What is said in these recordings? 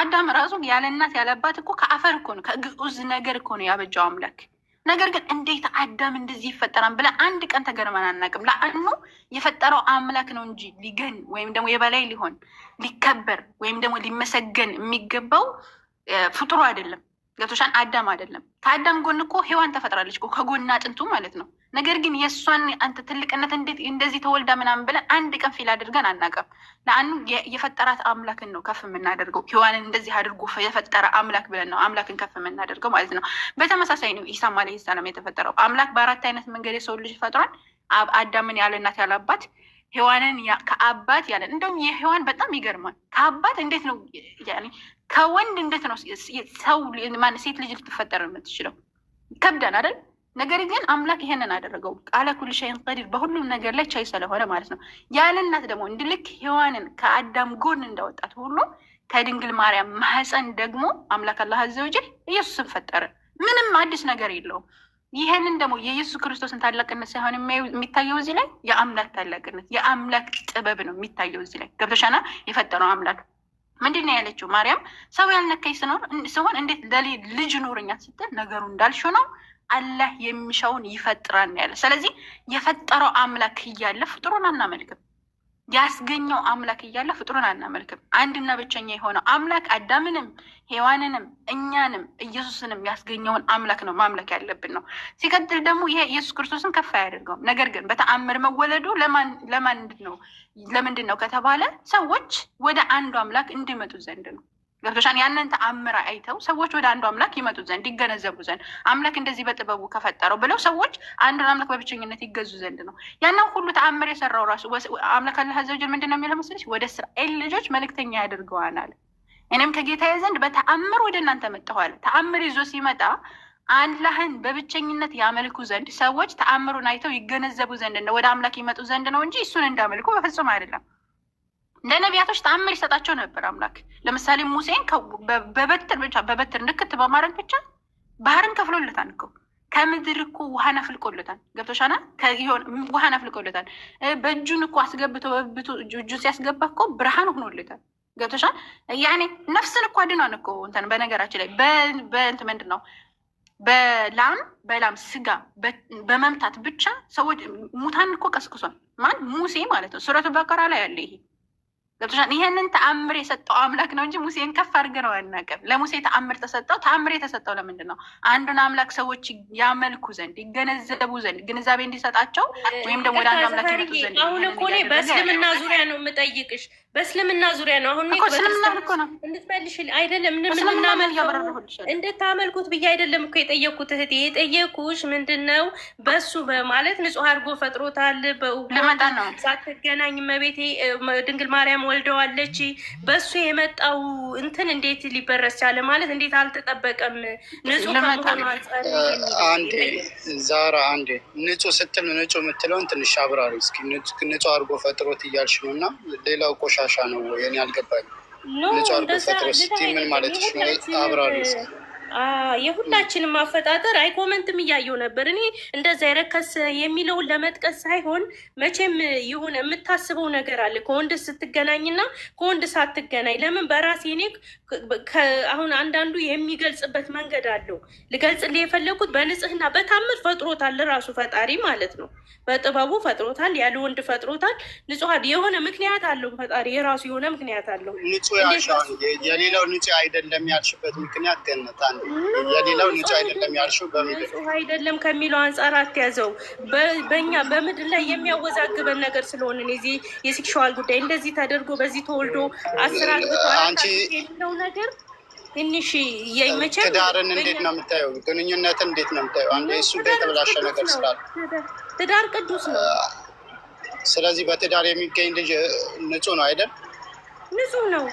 አዳም ራሱ ያለ እናት ያለ አባት እኮ ከአፈር እኮ ነው ከግዑዝ ነገር እኮ ነው ያበጃው አምላክ። ነገር ግን እንዴት አዳም እንደዚህ ይፈጠራል ብለን አንድ ቀን ተገርመን አናውቅም። ለአኑ የፈጠረው አምላክ ነው እንጂ ሊገን ወይም ደግሞ የበላይ ሊሆን ሊከበር ወይም ደግሞ ሊመሰገን የሚገባው ፍጡሩ አይደለም። ገብቶሻን አዳም አይደለም። ከአዳም ጎን እኮ ሔዋን ተፈጥራለች ከጎና አጥንቱ ማለት ነው። ነገር ግን የእሷን አንተ ትልቅነት እንዴት እንደዚህ ተወልዳ ምናምን ብለን አንድ ቀን ፊል አድርገን አናውቅም። ለአንዱ የፈጠራት አምላክን ነው ከፍ የምናደርገው። ሔዋንን እንደዚህ አድርጎ የፈጠረ አምላክ ብለን ነው አምላክን ከፍ የምናደርገው ማለት ነው። በተመሳሳይ ነው ኢሳም ዓለይሂ ሰላም የተፈጠረው። አምላክ በአራት አይነት መንገድ የሰው ልጅ ፈጥሯል። አዳምን ያለ እናት ያለ አባት፣ ሔዋንን ከአባት ያለ እንደውም የሔዋን በጣም ይገርማል። ከአባት እንዴት ነው ከወንድ እንዴት ነው ሰው ሴት ልጅ ልትፈጠር የምትችለው? ከብደን አይደል? ነገር ግን አምላክ ይሄንን አደረገው። ቃለ ኩል ሸይን ቀዲር በሁሉም ነገር ላይ ቻይ ስለሆነ ማለት ነው። ያለ እናት ደግሞ እንድልክ ሔዋንን ከአዳም ጎን እንዳወጣት ሁሉ ከድንግል ማርያም ማህፀን ደግሞ አምላክ አላህ አዘወጀል ኢየሱስን ፈጠረ። ምንም አዲስ ነገር የለውም። ይህንን ደግሞ የኢየሱስ ክርስቶስን ታላቅነት ሳይሆን የሚታየው እዚህ ላይ የአምላክ ታላቅነት የአምላክ ጥበብ ነው የሚታየው እዚህ ላይ ገብቶሻና የፈጠረው አምላክ ምንድን ነው ያለችው ማርያም ሰው ያልነካኝ ስኖር እንዴት ለልጅ ልጅ ኖረኛት ስትል ነገሩ እንዳልሽ ነው አላህ የሚሻውን ይፈጥራል ያለ። ስለዚህ የፈጠረው አምላክ እያለ ፍጡሩን አናመልክም። ያስገኘው አምላክ እያለ ፍጡሩን አናመልክም። አንድና ብቸኛ የሆነው አምላክ አዳምንም፣ ሔዋንንም፣ እኛንም ኢየሱስንም ያስገኘውን አምላክ ነው ማምለክ ያለብን ነው። ሲቀጥል ደግሞ ይሄ ኢየሱስ ክርስቶስን ከፍ አያደርገውም። ነገር ግን በተአምር መወለዱ ለማንድን ነው ለምንድን ነው ከተባለ ሰዎች ወደ አንዱ አምላክ እንዲመጡ ዘንድ ነው። ገብቶሻን ያንን ተአምር አይተው ሰዎች ወደ አንዱ አምላክ ይመጡ ዘንድ ይገነዘቡ ዘንድ አምላክ እንደዚህ በጥበቡ ከፈጠረው ብለው ሰዎች አንዱን አምላክ በብቸኝነት ይገዙ ዘንድ ነው። ያንን ሁሉ ተአምር የሰራው ራሱ አምላክ አላህ ዘውጅል ምንድን ነው የሚለው መሰለሽ? ወደ እስራኤል ልጆች መልእክተኛ ያደርገዋል አለ። እኔም ከጌታዬ ዘንድ በተአምር ወደ እናንተ መጣኋል። ተአምር ይዞ ሲመጣ አላህን በብቸኝነት ያመልኩ ዘንድ ሰዎች ተአምሩን አይተው ይገነዘቡ ዘንድ ነው ወደ አምላክ ይመጡ ዘንድ ነው እንጂ እሱን እንዳመልኩ በፍጹም አይደለም። ለነቢያቶች ተአምር ይሰጣቸው ነበር አምላክ። ለምሳሌ ሙሴን በበትር ብቻ በበትር ንክት በማድረግ ብቻ ባህርን ከፍሎለታል እኮ ከምድር እኮ ውሃ ነፍልቆለታል። ገብቶሻና ውሃ ነፍልቆለታል። በእጁን እኮ አስገብቶ በብቱ እጁን ሲያስገባ እኮ ብርሃን ሆኖለታል። ገብቶሻል። ያኔ ነፍስን እኮ አድኗን እኮ እንትን በነገራችን ላይ በእንት ምንድን ነው በላም በላም ስጋ በመምታት ብቻ ሰዎች ሙታን እኮ ቀስቅሷል። ማን ሙሴ ማለት ነው። ሱረቱ በቀራ ላይ ያለ ይሄ ገብቶሻል። ይሄንን ተአምር የሰጠው አምላክ ነው እንጂ ሙሴን ከፍ አድርገህ ነው ያናገር። ለሙሴ ተአምር ተሰጠው። ተአምር የተሰጠው ለምንድን ነው? አንዱን አምላክ ሰዎች ያመልኩ ዘንድ ይገነዘቡ ዘንድ ግንዛቤ እንዲሰጣቸው ወይም ደግሞ ወደ አንዱ አምላክ ይመጡ ዘንድ። አሁን እኮ እኔ በእስልምና ዙሪያ ነው የምጠይቅሽ፣ በእስልምና ዙሪያ ነው። አሁን በእስልምና እኮ ነው እንድትመልሽል አይደለም፣ እንድታመልኩት ብዬ አይደለም እኮ የጠየቅኩት እህቴ። የጠየቅኩሽ ምንድን ነው በሱ በማለት ንጹሕ አድርጎ ፈጥሮታል። ሳትገናኝ መቤቴ ድንግል ማርያም ወልደዋለች። በሱ የመጣው እንትን እንዴት ሊበረስ ቻለ ማለት እንዴት አልተጠበቀም? ንጹህ ከመሆኑ አንዴ ዛራ አንዴ ንጹህ ስትል ንጹህ የምትለውን ትንሽ አብራሪ እስኪ። ንጹህ አድርጎ ፈጥሮት እያልሽ ነው እና ሌላው ቆሻሻ ነው የኔ አልገባኝ። ንጹህ አድርጎ ፈጥሮ ስትይ ምን ማለት ነው? አብራሪ እስኪ የሁላችንም አፈጣጠር አይ ኮመንትም እያየው ነበር። እኔ እንደዛ የረከስ የሚለውን ለመጥቀስ ሳይሆን መቼም ይሁን የምታስበው ነገር አለ ከወንድ ስትገናኝና ከወንድ ሳትገናኝ ለምን በራሴ እኔ አሁን አንዳንዱ የሚገልጽበት መንገድ አለው። ልገልጽልህ የፈለኩት በንጽህና በታምር ፈጥሮታል ራሱ ፈጣሪ ማለት ነው። በጥበቡ ፈጥሮታል፣ ያለ ወንድ ፈጥሮታል። ንጹህ የሆነ ምክንያት አለው ፈጣሪ፣ የራሱ የሆነ ምክንያት አለው። የሌላው ንጹህ አይደለም ያልሽበት ምክንያት ገነታ የሌላው ንጹህ አይደለም ያልሽው በምንጹህ አይደለም ከሚለው አንጻር አትያዘው። በእኛ በምድር ላይ የሚያወዛግበን ነገር ስለሆነ እዚህ የሴክሹዋል ጉዳይ እንደዚህ ተደርጎ በዚህ ተወልዶ አስራ የሚለው ነገር ትንሽ የመቸ ትዳርን እንዴት ነው የምታየው? ግንኙነትን እንዴት ነው የምታየው? አንዴ እሱ የተበላሸ ነገር ስላለ ትዳር ቅዱስ ነው። ስለዚህ በትዳር የሚገኝ ልጅ ንጹህ ነው አይደል? ንጹህ ነው።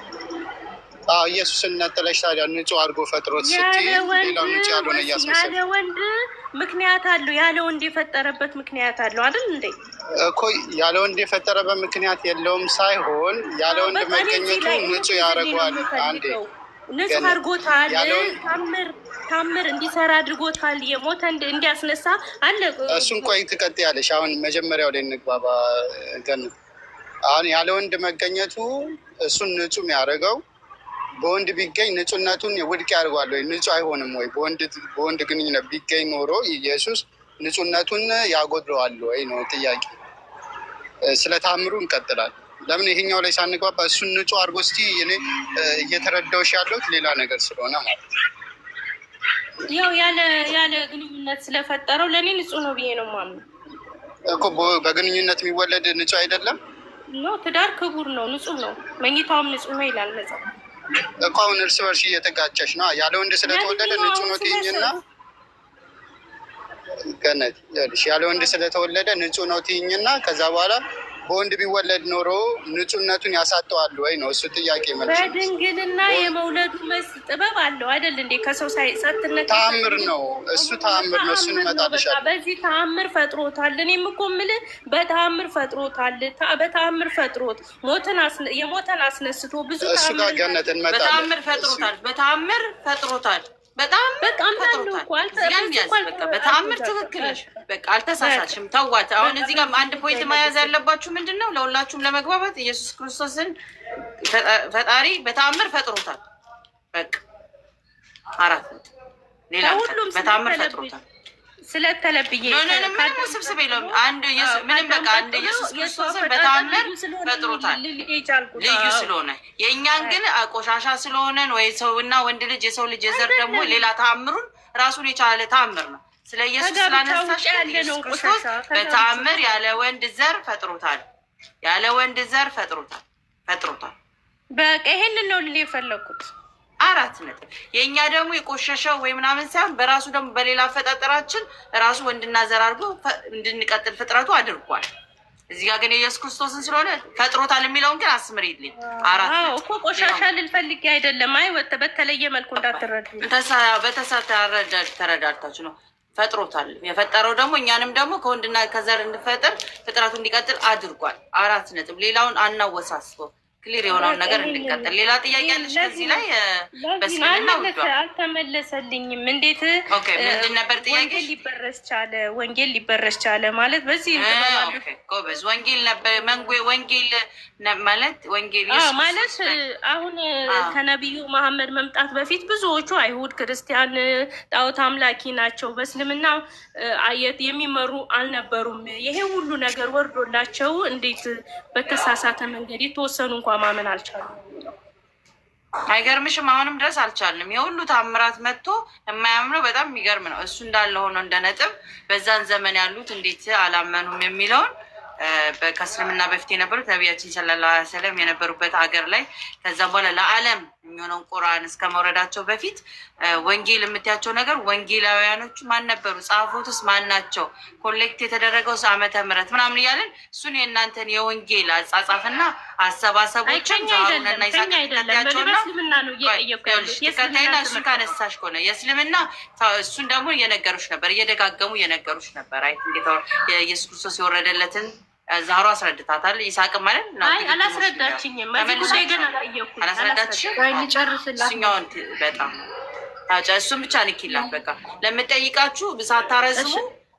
ኢየሱስን ነጥለሽ ታዲያ ንጹህ አድርጎ ፈጥሮት ስትይ ወንድ ምክንያት አለው። ያለ ወንድ የፈጠረበት ምክንያት አለው አይደል እንዴ? እኮ ያለ ወንድ የፈጠረበት ምክንያት የለውም ሳይሆን ያለ ወንድ መገኘቱ ንጹህ ያደርገዋል። አንዴ ንጹህ አድርጎታል። ታምር ታምር እንዲሰራ አድርጎታል። የሞተ እንዲያስነሳ አለ። እሱን ቆይ ትቀጥያለሽ። አሁን መጀመሪያው ላይ እንግባባ ገን አሁን ያለ ወንድ መገኘቱ እሱን ንጹህ የሚያደርገው በወንድ ቢገኝ ንጹህነቱን ውድቅ ያደርጓል ወይ? ንጹህ አይሆንም ወይ? በወንድ ግንኙነት ቢገኝ ኖሮ ኢየሱስ ንጹህነቱን ያጎድለዋል ወይ ነው ጥያቄ። ስለ ታምሩ እንቀጥላል። ለምን ይሄኛው ላይ ሳንግባባ እሱን ንጹህ አድርጎ እስኪ እኔ እየተረዳሁሽ ያለሁት ሌላ ነገር ስለሆነ ማለት ያው ያለ ያለ ግንኙነት ስለፈጠረው ለእኔ ንጹህ ነው ብዬ ነው ማምነው እኮ። በግንኙነት የሚወለድ ንጹህ አይደለም ነው። ትዳር ክቡር ነው፣ ንጹህ ነው። መኝታውም ንጹህ ነው ይላል መጽሐፍ እኮ አሁን እርስ በርስ እየተጋጨሽ ነው ያለ ወንድ ስለተወለደ ንጹህ ነው ትይኝና ገነት ያለ ወንድ ስለተወለደ ንጹህ ነው ትይኝና ከዛ በኋላ በወንድ ቢወለድ ኖሮ ንጹህነቱን ያሳጠዋል ወይ ነው እሱ ጥያቄ። መልስ በድንግልና የመውለዱ መስ ጥበብ አለው አይደል እንዴ? ከሰው ሳይሰትነት ተአምር ነው እሱ ተአምር ነው። እሱን እመጣልሻለሁ። በዚህ ተአምር ፈጥሮታል። እኔም እኮ የምልህ በተአምር ፈጥሮታል። በተአምር ፈጥሮት ሞትን የሞተን አስነስቶ ብዙ እሱ ጋር ገነት እንመጣለን። በተአምር ፈጥሮታል። በተአምር ፈጥሮታል። በጣም በጣም በተአምር ትክክል ነሽ። በቃ አልተሳሳትሽም። ተዋት። አሁን እዚህ ጋር አንድ ፖይንት መያዝ ያለባችሁ ምንድን ነው፣ ለሁላችሁም ለመግባባት ኢየሱስ ክርስቶስን ፈጣሪ በተአምር ፈጥሮታል። በቃ አራት ሁሉም በተአምር ፈጥሮታል። ስለተለብዬ ምንም ስብስብ የለውም። አንድ ምንም በቃ አንድ ኢየሱስ ክርስቶስን በተአምር ፈጥሮታል ልዩ ስለሆነ የእኛን ግን ቆሻሻ ስለሆነን ወይ ሰውና ወንድ ልጅ የሰው ልጅ የዘር ደግሞ ሌላ ተአምሩን ራሱን የቻለ ተአምር ነው። ስለ ኢየሱስ ስላነሳሽ ኢየሱስ ክርስቶስ በተአምር ያለ ወንድ ዘር ፈጥሮታል፣ ያለ ወንድ ዘር ፈጥሮታል፣ ፈጥሮታል። በቃ ይሄንን ነው ልል የፈለኩት። አራት ነጥብ። የእኛ ደግሞ የቆሸሸው ወይ ምናምን ሳይሆን በራሱ ደግሞ በሌላ አፈጣጠራችን ራሱ ወንድና ዘር አድርጎ እንድንቀጥል ፍጥረቱ አድርጓል። እዚህ ጋር ግን የኢየሱስ ክርስቶስን ስለሆነ ፈጥሮታል የሚለውን ግን አስምር አስምሪልኝ። አራት እኮ ቆሻሻ ልንፈልግ አይደለም። አይ በተለየ መልኩ እንዳትረዱ ተረዳድታችሁ ነው። ፈጥሮታል። የፈጠረው ደግሞ እኛንም ደግሞ ከወንድና ከዘር እንድፈጥር ፍጥረቱ እንዲቀጥል አድርጓል። አራት ነጥብ። ሌላውን አናወሳስበው። ክሊር የሆነውን ነገር እንድንቀጥል። ሌላ ጥያቄ ያለሽ ከዚህ ላይ በስምና አልተመለሰልኝም። እንዴት ምንድን ነበር ጥያቄ? ሊበረስ ቻለ ወንጌል ሊበረስ ቻለ ማለት በዚህ ጎበዝ ወንጌል ነበር መንጎ ወንጌል ማለት ወንጌል ማለት አሁን ከነቢዩ መሐመድ መምጣት በፊት ብዙዎቹ አይሁድ ክርስቲያን ጣዖት አምላኪ ናቸው በእስልምና የሚመሩ አልነበሩም። ይሄ ሁሉ ነገር ወርዶላቸው እንዴት በተሳሳተ መንገድ የተወሰኑ እንኳ ማመን አልቻሉም። አይገርምሽም? አሁንም ድረስ አልቻልንም። የሁሉ ታምራት መጥቶ የማያምነው በጣም የሚገርም ነው። እሱ እንዳለ ሆኖ እንደ ነጥብ በዛን ዘመን ያሉት እንዴት አላመኑም የሚለውን ከእስልምና በፊት የነበሩት ነቢያችን ሰለላሁ ዐለይሂ ወሰለም የነበሩበት ሀገር ላይ ከዛም በኋላ ለዓለም የሚሆነውን ቁርአን እስከ መውረዳቸው በፊት ወንጌል የምትያቸው ነገር ወንጌላውያኖቹ ማን ነበሩ? ጸሐፎትስ ማን ናቸው? ኮሌክት የተደረገው ዓመተ ምህረት ምናምን እያለን እሱን የእናንተን የወንጌል አጻጻፍና አሰባሰቦችን ዛሁነናይሳቸውናቀታይና እሱ ካነሳሽ ከሆነ የእስልምና እሱን ደግሞ እየነገሩች ነበር፣ እየደጋገሙ እየነገሩች ነበር። አይ ኢየሱስ ክርስቶስ የወረደለትን ዛሮ አስረድታታል። ይሳቅ ማለት አላስረዳችኝም። በጣም እሱም ብቻ ንኪላት። በቃ ለምጠይቃችሁ ብሳታረዝሙ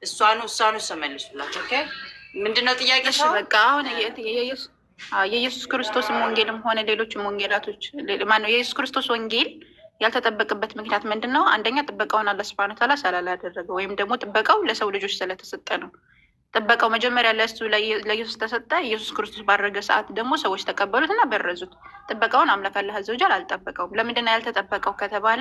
እሷኑ እሷኑ ስመልሱላቸው ምንድነው ጥያቄ? በቃ አሁን የኢየሱስ ክርስቶስም ወንጌልም ሆነ ሌሎችም ወንጌላቶች ማነው የኢየሱስ ክርስቶስ ወንጌል ያልተጠበቅበት ምክንያት ምንድን ነው? አንደኛ ጥበቃውን አላህ ሱብሃነሁ ወተዓላ ስላላደረገ ወይም ደግሞ ጥበቃው ለሰው ልጆች ስለተሰጠ ነው። ጥበቃው መጀመሪያ ለሱ ለኢየሱስ ተሰጠ። ኢየሱስ ክርስቶስ ባረገ ሰዓት ደግሞ ሰዎች ተቀበሉት እና በረዙት። ጥበቃውን አምላክ ዘውጃል አልጠበቀውም። ለምንድነው ያልተጠበቀው ከተባለ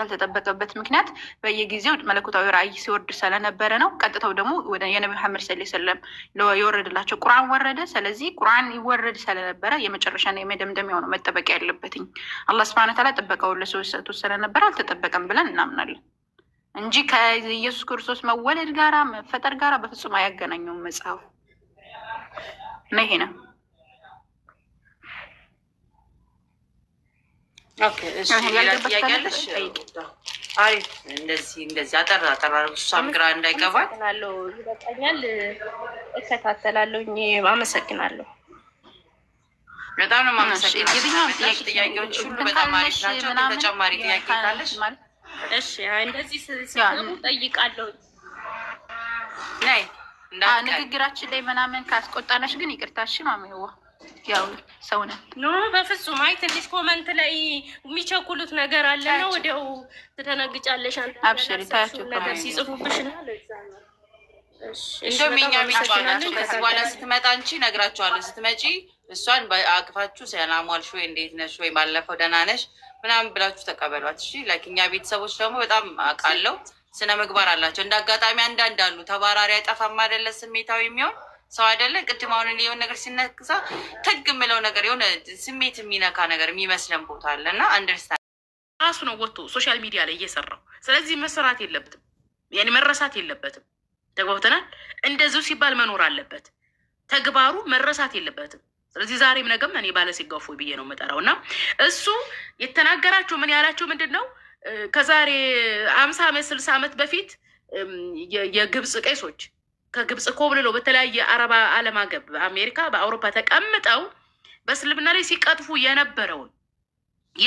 ያልተጠበቀበት ምክንያት በየጊዜው መለኮታዊ ራእይ ሲወርድ ስለነበረ ነው። ቀጥታው ደግሞ የነቢ ሐመድ ስ ስለም የወረድላቸው ቁርአን ወረደ። ስለዚህ ቁርአን ይወረድ ስለነበረ የመጨረሻና የመደምደሚያው ነው መጠበቅ ያለበትኝ። አላህ ስብሐነ ተዓላ ጥበቃውን ለሰዎች ሰጥቶ ስለነበረ አልተጠበቀም ብለን እናምናለን። እንጂ ከኢየሱስ ክርስቶስ መወለድ ጋራ መፈጠር ጋራ በፍጹም አያገናኘውም መጽሐፉ እና ይሄ ነው። እንደዚህ እንደዚህ አጠራ አጠራ እሷም ግራ እንዳይገባል። ይበቃኛል። እከታተላለሁ። አመሰግናለሁ። በጣም ነው የማመሰግናለሁ። ጥያቄዎች ሁሉ በጣም አሪፍ ናቸው። ተጨማሪ ጥያቄ ካለሽ እሺ፣ እንደዚህ ሲገቡ ጠይቃለሁ። ንግግራችን ላይ ምናምን ካስቆጣነሽ ግን ይቅርታሽ ነው። ያው ሰው ነን። ኖ በፍጹም አይ፣ ትንሽ ኮመንት ላይ የሚቸኩሉት ነገር አለ ነው ወዲያው ትደነግጫለሽ። አብሽሪ፣ ታያቸው ነገር ሲጽፉብሽ ነው እንደውም የእኛ ቤት ናቸው። ከዚህ በኋላ ስትመጣ አንቺ እነግራቸዋለሁ። ስትመጪ እሷን አቅፋችሁ ሰላም ዋልሽ ወይ እንዴት ነሽ ወይ ባለፈው ደህና ነሽ ምናምን ብላችሁ ተቀበሏት። እሺ ላይክ እኛ ቤተሰቦች ደግሞ በጣም አውቃለሁ ስነ ምግባር አላቸው። እንደ አጋጣሚ አንዳንድ አሉ ተባራሪ አይጠፋም አይደለ? ስሜታዊ የሚሆን ሰው አይደለ? ቅድም አሁን የሆነ ነገር ሲነክሳ ትግ የምለው ነገር የሆነ ስሜት የሚነካ ነገር የሚመስለን ቦታ አለ እና አንደርስታንድ ራሱ ነው ወጥቶ ሶሻል ሚዲያ ላይ እየሰራው። ስለዚህ መሰራት የለበትም ያኔ መረሳት የለበትም። ተግባብተናል። እንደዚሁ ሲባል መኖር አለበት። ተግባሩ መረሳት የለበትም። ስለዚህ ዛሬም ነገም እኔ ባለ ሲጋፉ ብዬ ነው የምጠራው። እና እሱ የተናገራቸው ምን ያላቸው ምንድን ነው ከዛሬ አምሳ ዓመት ስልሳ ዓመት በፊት የግብፅ ቄሶች ከግብፅ ኮብልሎ በተለያየ አረባ ዓለም አገብ በአሜሪካ በአውሮፓ ተቀምጠው በእስልምና ላይ ሲቀጥፉ የነበረውን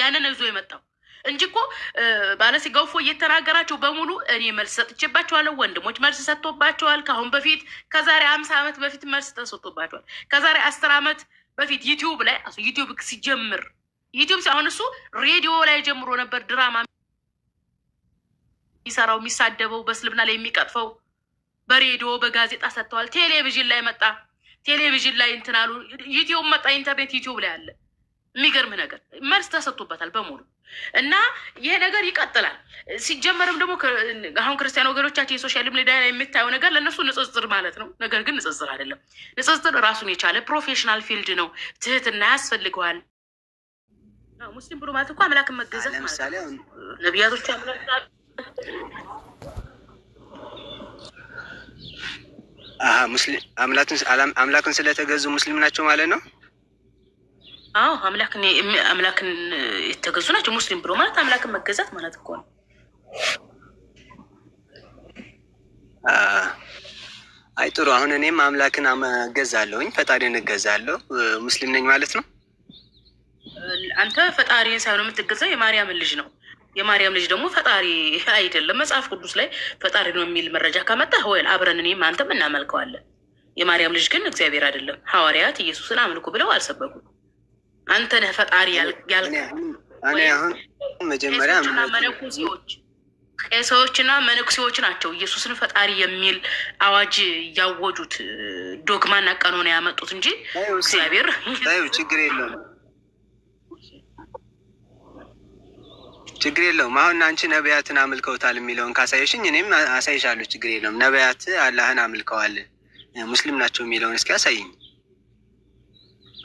ያንን ይዞ የመጣው እንጂ እኮ ባለሴጋው እየተናገራቸው በሙሉ እኔ መልስ ሰጥቼባቸዋለሁ። ወንድሞች መልስ ሰጥቶባቸዋል። ከአሁን በፊት ከዛሬ አምሳ ዓመት በፊት መልስ ተሰጥቶባቸዋል። ከዛሬ አስር ዓመት በፊት ዩቲዩብ ላይ ዩቲዩብ ሲጀምር ዩቲዩብ አሁን እሱ ሬዲዮ ላይ ጀምሮ ነበር ድራማ የሚሰራው የሚሳደበው፣ በእስልምና ላይ የሚቀጥፈው በሬዲዮ በጋዜጣ ሰጥተዋል። ቴሌቪዥን ላይ መጣ። ቴሌቪዥን ላይ እንትን አሉ። ዩቲዩብ መጣ። ኢንተርኔት ዩቲዩብ ላይ አለ። የሚገርም ነገር መልስ ተሰጥቶበታል በሙሉ እና ይሄ ነገር ይቀጥላል። ሲጀመርም ደግሞ አሁን ክርስቲያን ወገኖቻችን የሶሻል ሚዲያ ላይ የምታየው ነገር ለእነሱ ንጽጽር ማለት ነው። ነገር ግን ንጽጽር አይደለም። ንጽጽር ራሱን የቻለ ፕሮፌሽናል ፊልድ ነው። ትህትና ያስፈልገዋል። ሙስሊም ብሎ ማለት እኮ አምላክን መገዛት ማለት ነው። ነቢያቶች አምላክን ስለተገዙ ሙስሊም ናቸው ማለት ነው። አዎ አምላክን አምላክን የተገዙ ናቸው። ሙስሊም ብሎ ማለት አምላክን መገዛት ማለት እኮ ነው። አይ ጥሩ። አሁን እኔም አምላክን እገዛለሁኝ ፈጣሪን እገዛለሁ ሙስሊም ነኝ ማለት ነው። አንተ ፈጣሪን ሳይሆን የምትገዛው የማርያምን ልጅ ነው። የማርያም ልጅ ደግሞ ፈጣሪ አይደለም። መጽሐፍ ቅዱስ ላይ ፈጣሪ ነው የሚል መረጃ ካመጣ ወይ አብረን እኔም አንተም እናመልከዋለን። የማርያም ልጅ ግን እግዚአብሔር አይደለም። ሐዋርያት ኢየሱስን አምልኩ ብለው አልሰበኩም። አንተ ነህ ፈጣሪ ያልቀመጀመሪያና መነኩሴዎች መነኩሴዎች ናቸው ኢየሱስን ፈጣሪ የሚል አዋጅ ያወጁት ዶግማና ቀኖና ያመጡት እንጂ እግዚአብሔር ችግር የለውም ችግር የለውም። አሁን አንቺ ነቢያትን አምልከውታል የሚለውን ካሳየሽኝ እኔም አሳይሻለሁ። ችግር የለውም። ነቢያት አላህን አምልከዋል ሙስሊም ናቸው የሚለውን እስኪ አሳይኝ።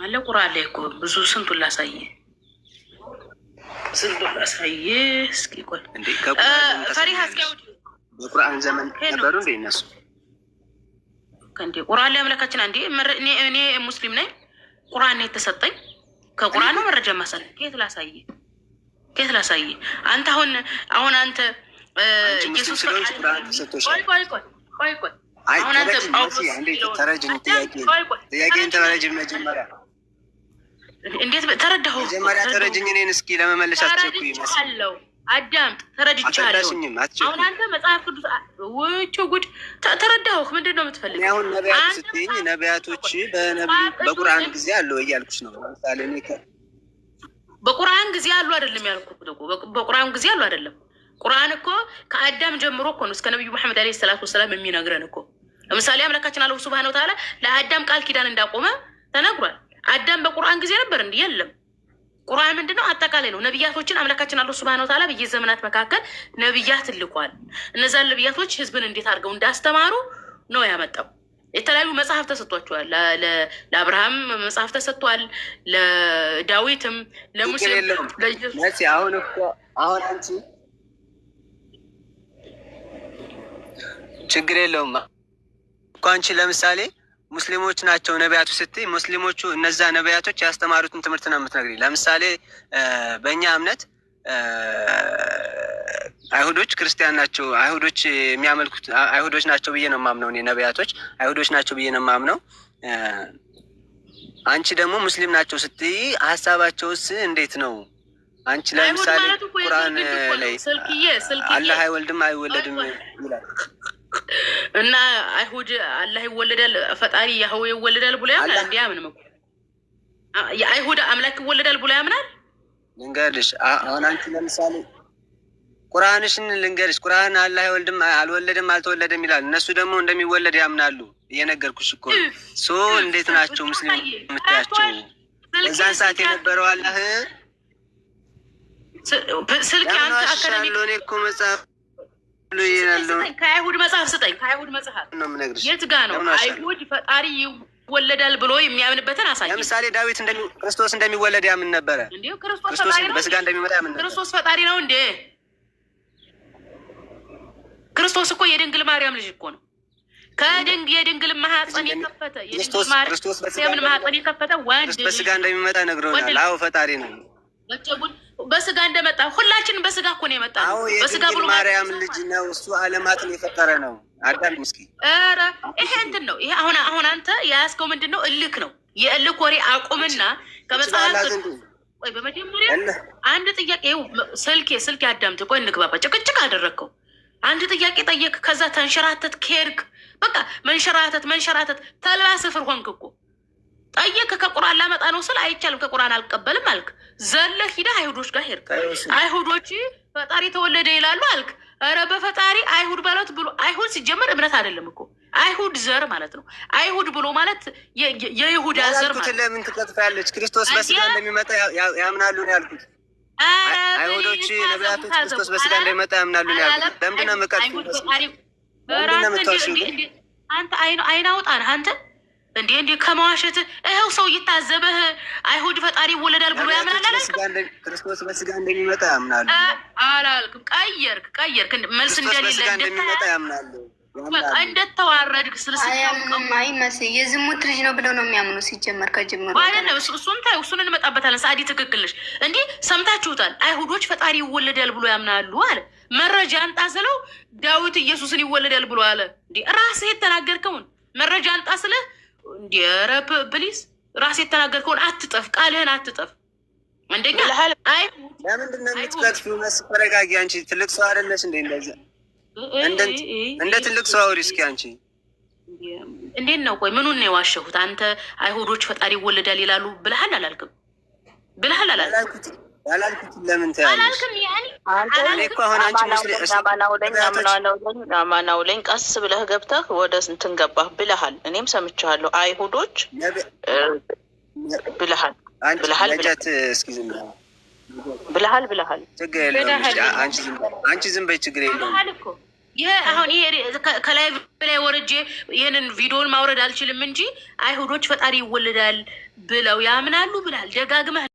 አለ ቁራ ላይ እኮ ብዙ ስንቱን ላሳየ ስንቱን ላሳየ። እስኪ ቆይ ፈሪሃ እስኪ በቁርአን ዘመን ነበሩ እንዴ እነሱ? እንዴ ቁርአን ላይ አምላካችን አንዴ እኔ ሙስሊም ነኝ፣ ቁርአን ነው የተሰጠኝ። ከቁርአን ነው መረጃ ማሳለ ከየት ላሳየ? ከየት ላሳየ? አንተ አሁን አሁን አንተ ኢየሱስ ቆይ ቆይ ቆይ ቆይ ቆይ አሁን አንተ ጳውሎስ ቆይ ቆይ ቆይ እንዴት ተረዳሁ? መጀመሪያ ተረጅኝ እኔን እስኪ ለመመለሻ አስቸኩኝ ይመስለው። አዳምጥ፣ ተረድቻለሁ። አሁን አንተ መጽሐፍ ቅዱስ ውቾ ጉድ ተረዳሁህ። ምንድን ነው የምትፈልግ? አሁን ነቢያቱ ስትይኝ ነቢያቶች በቁርአን ጊዜ አለው እያልኩሽ ነው። ለምሳሌ በቁርአን ጊዜ አሉ አይደለም ያልኩት። በቁርአን ጊዜ አሉ አይደለም። ቁርአን እኮ ከአዳም ጀምሮ እኮ ነው እስከ ነቢዩ መሐመድ አለይሂ ሰላቱ ወሰላም የሚነግረን እኮ። ለምሳሌ አምላካችን አለሁ ሱብሃነሁ ወተዓላ ለአዳም ቃል ኪዳን እንዳቆመ ተነግሯል። አዳም በቁርአን ጊዜ ነበር እንዲ የለም። ቁርአን ምንድን ነው? አጠቃላይ ነው። ነቢያቶችን አምላካችን አላህ ሱብሃነሁ ወተዓላ ዘመናት መካከል ነቢያት ልኳል። እነዛን ነቢያቶች ህዝብን እንዴት አድርገው እንዳስተማሩ ነው ያመጣው። የተለያዩ መጽሐፍ ተሰጥቷቸዋል። ለአብርሃም መጽሐፍ ተሰጥቷል፣ ለዳዊትም፣ ለሙሴም። አሁን አሁን አንቺ ችግር የለውም እኮ አንቺ ለምሳሌ ሙስሊሞች ናቸው ነቢያቱ ስትይ ሙስሊሞቹ እነዛ ነቢያቶች ያስተማሩትን ትምህርት ነው የምትነግሪኝ። ለምሳሌ በእኛ እምነት አይሁዶች ክርስቲያን ናቸው አይሁዶች የሚያመልኩት አይሁዶች ናቸው ብዬ ነው የማምነው እኔ ነቢያቶች አይሁዶች ናቸው ብዬ ነው የማምነው። አንቺ ደግሞ ሙስሊም ናቸው ስትይ ሀሳባቸውስ እንዴት ነው? አንቺ ለምሳሌ ቁርአን ላይ አላህ አይወልድም አይወለድም ይላል እና አይሁድ አላህ ይወለዳል ፈጣሪ ያህዌ ይወለዳል ብሎ ያምናል። እንዲ ምንም እኮ የአይሁድ አምላክ ይወለዳል ብሎ ያምናል። ልንገርሽ አሁን አንቺ ለምሳሌ ቁርአንሽን ልንገርሽ፣ ቁርአን አላህ አይወልድም አልወለደም አልተወለደም ይላል። እነሱ ደግሞ እንደሚወለድ ያምናሉ። እየነገርኩሽ እኮ ሶ እንዴት ናቸው ሙስሊም የምታያቸው? በዛን ሰዓት የነበረው አላህ ስልክ አንተ አካዳሚ ከአይሁድ መጽሐፍ ስጠኝ። ከአይሁድ መጽሐፍ የት ጋ ነው አይሁድ ፈጣሪ ይወለዳል ብሎ የሚያምንበትን አሳየኝ። ለምሳሌ ዳዊት ክርስቶስ እንደሚወለድ ያምን ነበረ። በስጋ እንደሚመጣ ያምን ክርስቶስ ፈጣሪ ነው እንዴ? ክርስቶስ እኮ የድንግል ማርያም ልጅ እኮ ነው። ከድንግ የድንግል ማህፀን የከፈተ የድንግል ማርያምን ማህፀን የከፈተ ወንድ በስጋ እንደሚመጣ ነግሮናል። አዎ ፈጣሪ ነው። በስጋ እንደመጣ ሁላችን በስጋ እኮ ነው የመጣ በስጋ ብሎ ማርያም ልጅ ነው እሱ ዓለማትን የፈጠረ ነው። አዳም ምስኪ ኧረ ይሄ እንትን ነው። ይሄ አሁን አሁን አንተ የያዝከው ምንድን ነው? እልክ ነው። የእልክ ወሬ አቁምና ከመጽሐፍ ቆይ፣ በመጀመሪያ አንድ ጥያቄ ስልኬ ስልኬ አዳምጥ። ቆይ እንግባባ። ጭቅጭቅ አደረግከው። አንድ ጥያቄ ጠየቅ፣ ከዛ ተንሸራተት ኬርክ። በቃ መንሸራተት መንሸራተት ተልባ ስፍር ሆንክ እኮ ጠየቅ ከቁርአን ላመጣ ነው ስል አይቻልም፣ ከቁርአን አልቀበልም አልክ። ዘለ ሂደ አይሁዶች ጋር ሄድክ። አይሁዶች ፈጣሪ ተወለደ ይላሉ አልክ። ኧረ በፈጣሪ አይሁድ በለት ብሎ አይሁድ ሲጀመር እምነት አይደለም እኮ አይሁድ ዘር ማለት ነው። አይሁድ ብሎ ማለት የይሁዳ ዘር ማለት ለምን ትቀጥፋለች? ክርስቶስ በስጋ እንደሚመጣ ያምናሉ ነው ያልኩት። አይሁዶች ነቢያቶች ክርስቶስ በስጋ እንደሚመጣ ያምናሉ ነው ያልኩት። ለምንድነው መቀጥ አንተ አይናውጣ አንተ እንዴ እንዴ ከመዋሸት ይኸው ሰው እየታዘበህ አይሁድ ፈጣሪ ይወለዳል ብሎ ያምናል አላልክም? ክርስቶስ በስጋ እንደሚመጣ ያምናሉ አላልክም? ቀየርክ ቀየርክ መልስ እንደሌለ እንደሚመጣ ያምናሉ። እንደተዋረድክ ስለስማይመስ የዝሙት ልጅ ነው ብለው ነው የሚያምኑ ሲጀመር ከጀመሩ አይደለም። እሱን ታ እሱን እንመጣበታለን። ሰአዲ ትክክልሽ። እንዲህ ሰምታችሁታል። አይሁዶች ፈጣሪ ይወለዳል ብሎ ያምናሉ አለ። መረጃ አንጣ ስለው ዳዊት ኢየሱስን ይወለዳል ብሎ አለ። እንዲ ራስህ የተናገርከውን መረጃ አንጣ ስልህ እንዲረ ፕሊዝ ራሴ የተናገርከውን አትጠፍ፣ ቃልህን አትጠፍ። አንደኛ ለምንድን ነው የምትከፍቱ? ተረጋጊ። አንቺ ትልቅ ሰው አይደለሽ እንዴ? እንደዚህ እንደ ትልቅ ሰው አውሪ እስኪ አንቺ። እንዴት ነው? ቆይ ምኑን ነው የዋሸሁት? አንተ አይሁዶች ፈጣሪ ይወለዳል ይላሉ ብለሃል አላልክም? ብለሃል አላልክም? ያላልኩት ለምን እኮ አንቺ አማናውለኝ ቀስ ብለህ ገብተህ ወደ እንትን ገባህ ብለሃል። እኔም ሰምቻለሁ። አይሁዶች ብለሃል ብለሃል ብለሃል ብለሃል። አንቺ ዝም በይ፣ ችግር የለውም። ይሄ አሁን ይሄ ከላይ ወርጄ ይህንን ቪዲዮን ማውረድ አልችልም እንጂ አይሁዶች ፈጣሪ ይወልዳል ብለው ያምናሉ ብለሃል ደጋግመህ